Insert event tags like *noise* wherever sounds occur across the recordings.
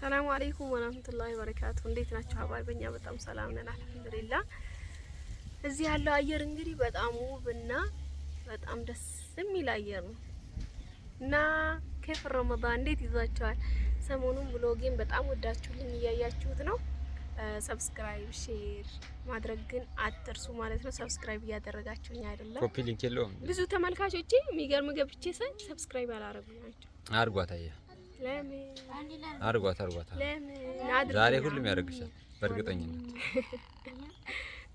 ሰላሙ አለይኩም ወራህመቱላሂ ወበረካቱ። እንዴት ናቸው አባይ? በጣም ሰላም ነን አልሐምዱሊላህ። እዚህ ያለው አየር እንግዲህ በጣም ውብና በጣም ደስ የሚል አየር ነው እና ኬፍ ረመዳን እንዴት ይዟችኋል? ሰሞኑን ብሎጌን በጣም ወዳችሁልኝ እያያችሁት ነው። ሰብስክራይብ ሼር ማድረግ ግን አትርሱ ማለት ነው። ሰብስክራይብ እያደረጋችሁኝ አይደለም። ኮፒ ሊንክ የለውም ብዙ ተመልካቾቼ። የሚገርም ገብቼ ሰ ሰብስክራይብ ያላረጉ ናቸው። አርጓታየ አድርጓት አድርጓት። ዛሬ ሁሉም ያደርግሻል በእርግጠኝነት።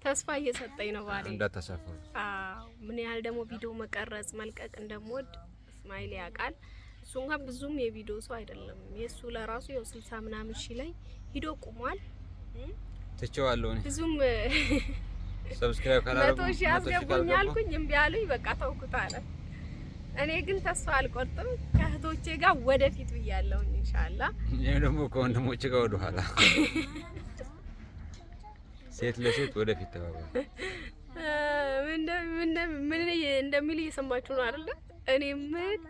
ተስፋ እየሰጠኝ ነው ባሪ እንዳታሳፈሩ። አዎ፣ ምን ያህል ደግሞ ቪዲዮ መቀረጽ መልቀቅ እንደምወድ እስማኤል ያውቃል። እሱ እንኳን ብዙም የቪዲዮ ሰው አይደለም። የእሱ ለራሱ ያው ስልሳ ምናምን ሺህ ላይ ሂዶ ቁሟል። ትቼዋለሁ እኔ ብዙም ሰብስክራይብ ካላረጉ መቶ ሺህ አስገቡኝ አልኩኝ እምቢ አሉኝ። በቃ ተውኩት አለ። እኔ ግን ተስፋ አልቆርጥም። ከእህቶቼ ጋር ወደፊት ብያለሁኝ። ኢንሻአላ ይሄ ደግሞ ከወንድሞች ጋር ወደ ኋላ ሴት ለሴት ወደፊት ተባባል ምን እንደሚል እየሰማችሁ ነው አይደለም? እኔም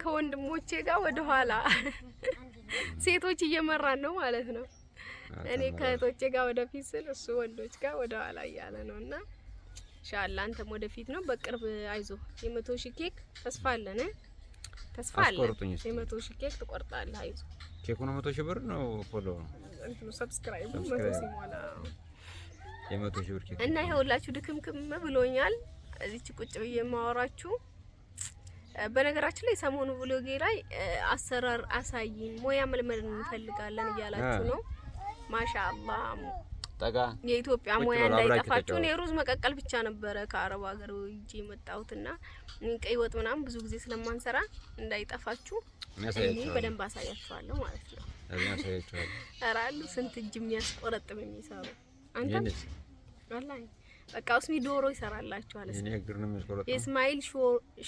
ከወንድሞቼ ጋር ወደ ኋላ ሴቶች እየመራን ነው ማለት ነው። እኔ ከእህቶቼ ጋር ወደፊት ስል እሱ ወንዶች ጋር ወደ ኋላ እያለ ነው እና ኢንሻአላ አንተም ወደፊት ነው። በቅርብ አይዞ የመቶ ሺህ ኬክ ተስፋ አለን። ተስፋ አለ። አስቆርጡኝ እስኪ የመቶ ሺህ ኬክ ትቆርጣለህ። አይዞህ ኬኩ ነው መቶ ሺህ ብር ነው ፎሎ እንትኑ ሰብስክራይቡ መቶ ሲሞላ የመቶ ሺህ ብር ኬክ እና ይኸውላችሁ ድክምክም ብሎኛል። እዚች ቁጭ ብዬ የማወራችሁ በነገራችን ላይ ሰሞኑ ብሎጌ ላይ አሰራር አሳይኝ፣ ሙያ መልመድ እንፈልጋለን እያላችሁ ነው። ማሻአላህ ጠጋ የኢትዮጵያ ሙያ እንዳይጠፋችሁ። እኔ ሩዝ መቀቀል ብቻ ነበረ ከአረብ ሀገር የመጣሁት የመጣሁትና ቀይ ወጥ ምናምን ብዙ ጊዜ ስለማንሰራ እንዳይጠፋችሁ በደንብ አሳያችኋለሁ ማለት ነው። ራሉ *laughs* ስንት እጅ የሚያስቆረጥም የሚሰሩ አንተም በቃ ውስሚ ዶሮ ይሰራላችኋል። የእስማኤል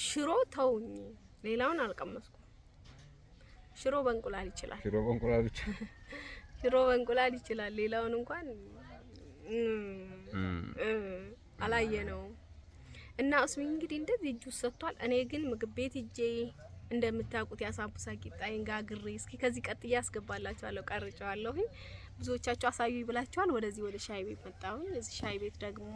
ሽሮ ተውኝ፣ ሌላውን አልቀመስኩም። ሽሮ በእንቁላል ይችላል። ሽሮ በእንቁላል *laughs* ድሮ በእንቁላል ይችላል። ሌላውን እንኳን አላየ ነው እና እሱም እንግዲህ እንደዚህ እጁ ሰጥቷል። እኔ ግን ምግብ ቤት ሂጄ እንደምታውቁት የአሳምቡሳ ቂጣዬን ጋግሬ እስኪ ከዚህ ቀጥዬ አስገባላችኋለሁ፣ ቀርጨዋለሁኝ። ብዙዎቻችሁ አሳዩ ብላችኋል። ወደዚህ ወደ ሻይ ቤት መጣሁኝ። እዚህ ሻይ ቤት ደግሞ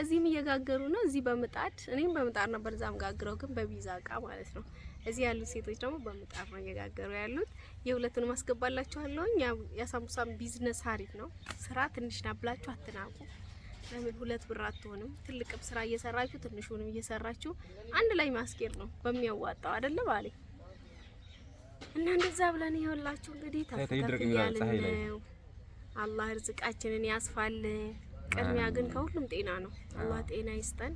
እዚህም እየጋገሩ ነው። እዚህ በምጣድ እኔም በምጣድ ነበር እዛም ጋግረው፣ ግን በቢዛ እቃ ማለት ነው። እዚህ ያሉት ሴቶች ደግሞ በምጣድ ነው እየጋገሩ ያሉት። የሁለቱንም አስገባላችኋለሁኝ። የሳምቡሳም ቢዝነስ አሪፍ ነው። ስራ ትንሽ ና ብላችሁ አትናቁ። ለምን ሁለት ብር አትሆንም? ትልቅም ስራ እየሰራችሁ ትንሹንም እየሰራችሁ አንድ ላይ ማስኬድ ነው በሚያዋጣው አይደለ ባሌ። እና እንደዛ ብለን ይኸውላችሁ እንግዲህ ተፈተፍ እያልን ነው። አላህ እርዝቃችንን ያስፋልን። ቅድሚያ ግን ከሁሉም ጤና ነው። አላህ ጤና ይስጠን፣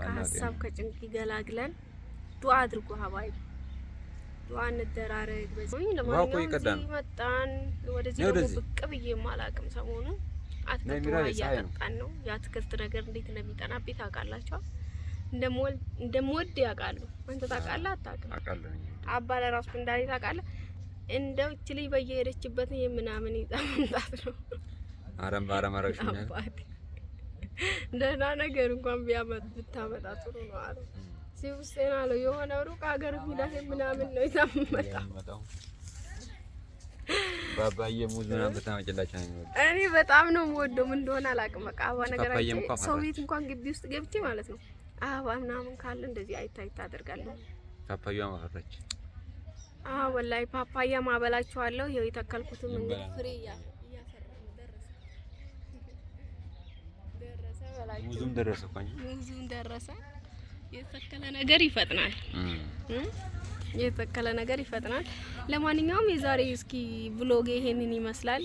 ከሀሳብ ከጭንቅ ይገላግለን። ዱአ አድርጉ ሀባይ ዱአ እንደራረግ። በዚህ ለማንኛውም መጣን ወደዚህ ብቅ ብዬ ማላቅም ሰሞኑ አትክልት ውሃ እያጠጣን ነው። የአትክልት ነገር እንዴት እንደሚጠናብኝ ታውቃላችሁ። እንደምወድ ያውቃሉ። አንተ ታውቃለህ አታውቅም? አባ ለራሱ እንዳለኝ ታውቃለህ። እንደው እቺ ልጅ በየሄደችበት የምናምን ምናምን ይዛ መምጣት ነው አረም ባረም አረግሽኛል። ደህና ነገር እንኳን ቢያመጥ ብታመጣ ጥሩ ነው። አለ ሲውስጤና ነው የሆነ ሩቅ ሀገር ቢላህ ምናምን ነው ይዛመጣው ባባዬ ሙዝ ምናምን ብታመጭላቸው ነው የሚወደው። እኔ በጣም ነው የምወደው። ምን እንደሆነ አላውቅም። በቃ አበባ ነገራችን ሰው ቤት እንኳን ግቢ ውስጥ ገብቼ ማለት ነው አበባ ምናምን ካለ እንደዚህ አይታ አይታ አደርጋለሁ። ፓፓያ ማፈራች። አዎ ወላሂ ፓፓያ ማበላችኋለሁ። ይኸው የተከልኩትም እንግዲህ ፍሬ እያለ ሙዙም ደረሰ እኮ ብዙም ደረሰ። የተተከለ ነገር ይፈጥናል፣ የተተከለ ነገር ይፈጥናል። ለማንኛውም የዛሬ እስኪ ብሎጌ ይሄንን ይመስላል።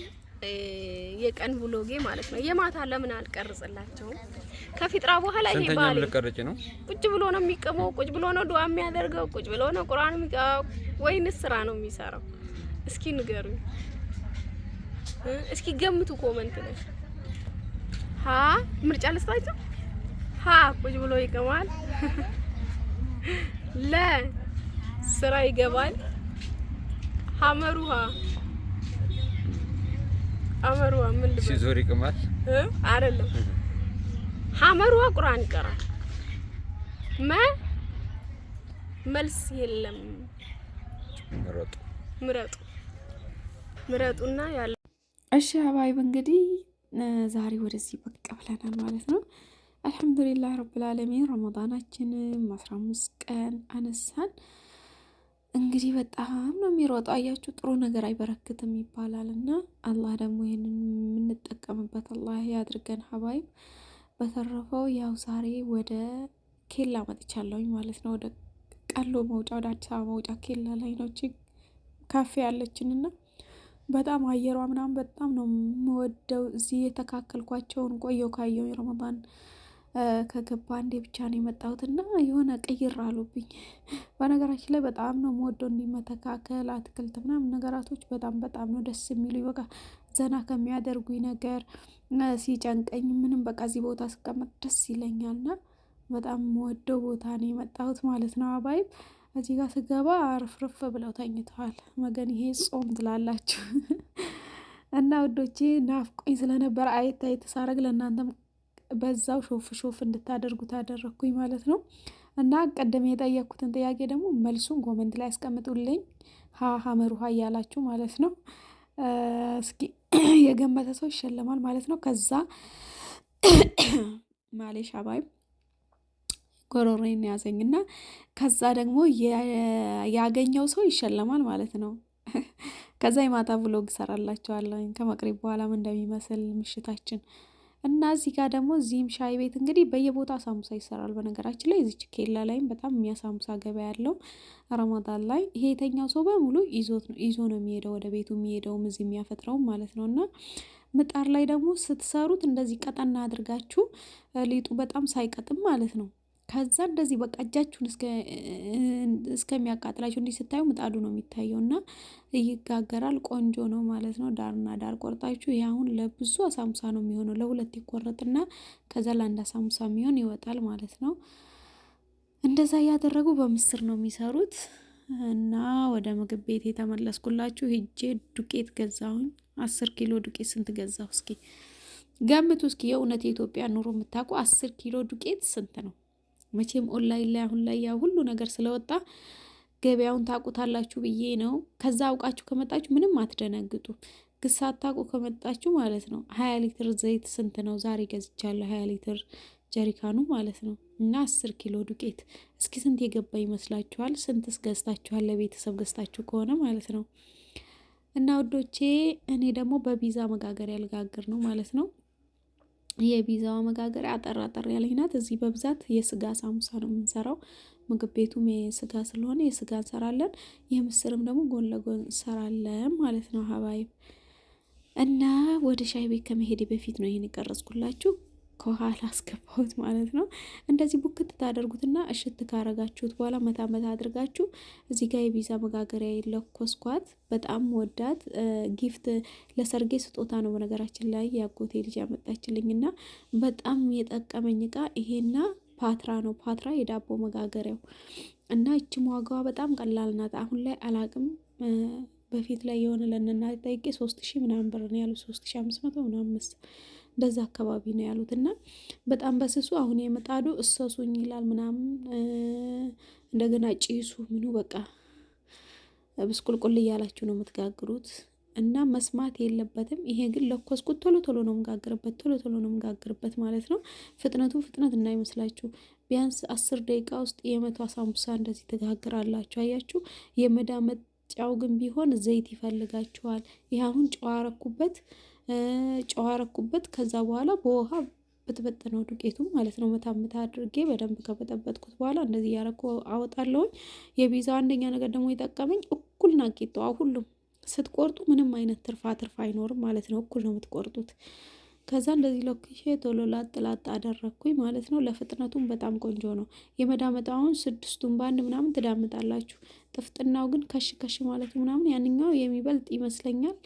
የቀን ብሎጌ ማለት ነው። የማታ ለምን አልቀርጽላቸውም? ከፊጥራ በኋላ ይሄ ባል ልቀርጭ ነው። ቁጭ ብሎ ነው የሚቀመው፣ ቁጭ ብሎ ነው ዱዓ የሚያደርገው፣ ቁጭ ብሎ ነው ቁርአን የሚቀመው፣ ወይንስ ስራ ነው የሚሰራው? እስኪ ንገሩኝ፣ እስኪ ገምቱ ኮመንት ነው ሀ ምርጫ ልስጣቸው። ሀ ቁጭ ብሎ ይቀማል *laughs* ለ ስራ ይገባል። ሀመሩ ሀ ሀመሩ ሀ ምን ልበል ሲዞር ይቅማል አይደለም። ሀመሩ ቁርአን ይቀራል። መ መልስ የለም። ምረጡ ምረጡ ምረጡና ያለ እሺ ሀባይብ እንግዲህ ዛሬ ወደዚህ በቃ ብለናል ማለት ነው። አልሐምዱሊላህ ረብልዓለሚን ረመዳናችንም አስራ አምስት ቀን አነሳን። እንግዲህ በጣም ነው የሚሮጠው። አያችሁ ጥሩ ነገር አይበረክትም ይባላል እና አላህ ደግሞ ይህንን የምንጠቀምበት አላህ ያድርገን። ሀባይብ በተረፈው ያው ዛሬ ወደ ኬላ መጥቻለሁኝ ማለት ነው። ወደ ቀሎ መውጫ ወደ አዲስ አበባ መውጫ ኬላ ላይ ነው ካፌ ያለችንና በጣም አየሯ ምናምን በጣም ነው የምወደው። እዚህ የተካከልኳቸውን ቆየው ካየው ረመዳን ከገባ እንዴ ብቻ ነው እና የሆነ ቅይር አሉብኝ። በነገራችን ላይ በጣም ነው የምወደው እንዲመተካከል አትክልት ምናምን ነገራቶች በጣም በጣም ነው ደስ የሚሉ በቃ ዘና ከሚያደርጉኝ ነገር ሲጨንቀኝ ምንም በቃ እዚህ ቦታ ስቀመጥ ደስ ይለኛልና በጣም የምወደው ቦታ ነው የመጣሁት ማለት ነው አባይም እዚህ ጋር ስገባ አርፍርፍ ብለው ተኝተዋል። መገን ይሄ ጾም ትላላችሁ *laughs* እና ውዶቼ ናፍቆኝ ስለነበረ አየት አየት ሳረግ ለእናንተም በዛው ሾፍ ሾፍ እንድታደርጉት አደረግኩኝ ማለት ነው። እና ቀደም የጠየቅኩትን ጥያቄ ደግሞ መልሱን ኮመንት ላይ ያስቀምጡልኝ። ሀ ሀመሩሃ እያላችሁ ማለት ነው። እስኪ የገመተ ሰው ይሸለማል ማለት ነው። ከዛ *clears throat* ማሌሻ አባይም ጎሮሮን ያዘኝ እና ከዛ ደግሞ ያገኘው ሰው ይሸለማል ማለት ነው። *laughs* ከዛ የማታ ብሎግ እሰራላችኋለሁ ከመቅሪብ በኋላም እንደሚመስል ምሽታችን እና እዚህ ጋር ደግሞ እዚህም ሻይ ቤት እንግዲህ በየቦታ ሳሙሳ ይሰራል። በነገራችን ላይ እዚች ኬላ ላይም በጣም የሚያሳሙሳ ገበያ ያለው ረመዳን ላይ ይሄ የተኛው ሰው በሙሉ ይዞ ነው የሚሄደው ወደ ቤቱ የሚሄደውም እዚህ የሚያፈጥረውም ማለት ነው። እና ምጣድ ላይ ደግሞ ስትሰሩት እንደዚህ ቀጠና አድርጋችሁ ሊጡ በጣም ሳይቀጥም ማለት ነው ከዛ እንደዚህ በቃ እጃችሁን እስከሚያቃጥላችሁ እንዲህ ስታዩ ምጣዱ ነው የሚታየው እና ይጋገራል። ቆንጆ ነው ማለት ነው። ዳርና ዳር ቆርጣችሁ ይህ አሁን ለብዙ አሳሙሳ ነው የሚሆነው። ለሁለት ይቆረጥና ከዛ ለአንድ አሳሙሳ የሚሆን ይወጣል ማለት ነው። እንደዛ እያደረጉ በምስር ነው የሚሰሩት እና ወደ ምግብ ቤት የተመለስኩላችሁ ሂጄ ዱቄት ገዛሁኝ። አስር ኪሎ ዱቄት ስንት ገዛሁ? እስኪ ገምቱ እስኪ የእውነት የኢትዮጵያ ኑሮ የምታውቁ አስር ኪሎ ዱቄት ስንት ነው? መቼም ኦንላይን ላይ አሁን ላይ ያው ሁሉ ነገር ስለወጣ ገበያውን ታውቁታላችሁ ብዬ ነው። ከዛ አውቃችሁ ከመጣችሁ ምንም አትደነግጡ። ግን ሳታውቁ ከመጣችሁ ማለት ነው ሀያ ሊትር ዘይት ስንት ነው ዛሬ ገዝቻለሁ። ሀያ ሊትር ጀሪካኑ ማለት ነው እና አስር ኪሎ ዱቄት እስኪ ስንት የገባ ይመስላችኋል? ስንትስ ገዝታችኋል? ለቤተሰብ ገዝታችሁ ከሆነ ማለት ነው እና ውዶቼ እኔ ደግሞ በቢዛ መጋገር ያልጋግር ነው ማለት ነው። የፒዛዋ መጋገሪያ አጠር አጠር ያለች ናት። እዚህ በብዛት የስጋ ሳሙሳ ነው የምንሰራው። ምግብ ቤቱም የስጋ ስለሆነ የስጋ እንሰራለን። የምስርም ደግሞ ጎን ለጎን እንሰራለን ማለት ነው ሀባይብ እና ወደ ሻይ ቤት ከመሄድ በፊት ነው ይህን የቀረጽኩላችሁ። ከኋላ *laughs* አስገባሁት ማለት ነው። እንደዚህ ቡክት ታደርጉትና እሽት ካረጋችሁት በኋላ መታ መታ አድርጋችሁ እዚህ ጋር የቪዛ መጋገሪያ የለኮስኳት በጣም ወዳት ጊፍት ለሰርጌ ስጦታ ነው በነገራችን ላይ ያጎቴ ልጅ ያመጣችልኝና በጣም የጠቀመኝ እቃ ይሄና ፓትራ ነው። ፓትራ የዳቦ መጋገሪያው እና እች ዋጋዋ በጣም ቀላል ናት። አሁን ላይ አላቅም በፊት ላይ የሆነ ለእናቴ ጠይቄ ሶስት ሺህ ምናምን ብር ነው ያሉ ሶስት ሺህ አምስት መቶ ምናምን እንደዛ አካባቢ ነው ያሉት እና በጣም በስሱ አሁን የምጣዱ እሰሱኝ ይላል ምናምን እንደገና ጭሱ ምኑ በቃ ብስቁልቁል እያላችሁ ነው የምትጋግሩት እና መስማት የለበትም። ይሄ ግን ለኮስኩት ቶሎ ቶሎ ነው የምጋግርበት፣ ቶሎ ቶሎ ነው የምጋግርበት ማለት ነው። ፍጥነቱ ፍጥነት እናይመስላችሁ። ቢያንስ አስር ደቂቃ ውስጥ የመቶ ሳምቡሳ እንደዚህ ትጋግራላችሁ። አያችሁ። የመዳመጫው ግን ቢሆን ዘይት ይፈልጋችኋል። ይህ አሁን ጨዋረኩበት። ጨዋ አረኩበት። ከዛ በኋላ በውሃ በተበጠነው ዱቄቱ ማለት ነው መታ አድርጌ በደንብ ከበጠበጥኩት በኋላ እንደዚህ እያረኩ አወጣለሁኝ። የቢዛ አንደኛ ነገር ደግሞ የጠቀመኝ እኩል ና ሁሉም ስትቆርጡ ምንም አይነት ትርፋ ትርፍ አይኖርም ማለት ነው። እኩል ነው የምትቆርጡት። ከዛ እንደዚህ ለኩሼ ቶሎ ላጥ ላጥ አደረግኩኝ ማለት ነው። ለፍጥነቱም በጣም ቆንጆ ነው። አሁን ስድስቱን በአንድ ምናምን ትዳምጣላችሁ። ጥፍጥናው ግን ከሽ ከሽ ማለት ምናምን ያንኛው የሚበልጥ ይመስለኛል።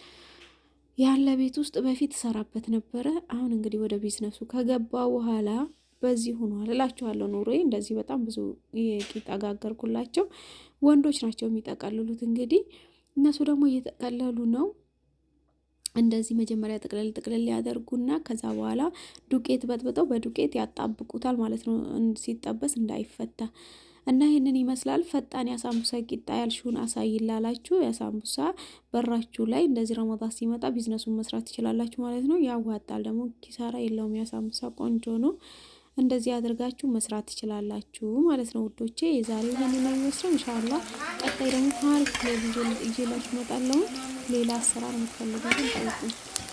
ያለ ቤት ውስጥ በፊት ሰራበት ነበረ። አሁን እንግዲህ ወደ ቢዝነሱ ከገባ በኋላ በዚህ ሆኗል እላችኋለሁ። ኑሮዬ እንደዚህ በጣም ብዙ ቂጥ ጋገርኩላቸው። ወንዶች ናቸው የሚጠቀልሉት። እንግዲህ እነሱ ደግሞ እየጠቀለሉ ነው። እንደዚህ መጀመሪያ ጥቅልል ጥቅልል ያደርጉና ከዛ በኋላ ዱቄት በጥብጠው በዱቄት ያጣብቁታል ማለት ነው። ሲጠበስ እንዳይፈታ እና ይህንን ይመስላል ፈጣን የአሳንቡሳ ቂጣ ያልሽውን አሳይላላችሁ። የአሳንቡሳ በራችሁ ላይ እንደዚህ ረመዳን ሲመጣ ቢዝነሱን መስራት ትችላላችሁ ማለት ነው። ያዋጣል፣ ደግሞ ኪሳራ የለውም። የአሳንቡሳ ቆንጆ ነው። እንደዚህ አድርጋችሁ መስራት ትችላላችሁ ማለት ነው ውዶቼ። የዛሬ ይህን ነው የሚመስለው። እንሻላ ቀጣይ ደግሞ ታሪክ ላይ ይዤላችሁ እመጣለሁ። ሌላ አሰራር የምትፈልጉትን ጠይቁኝ።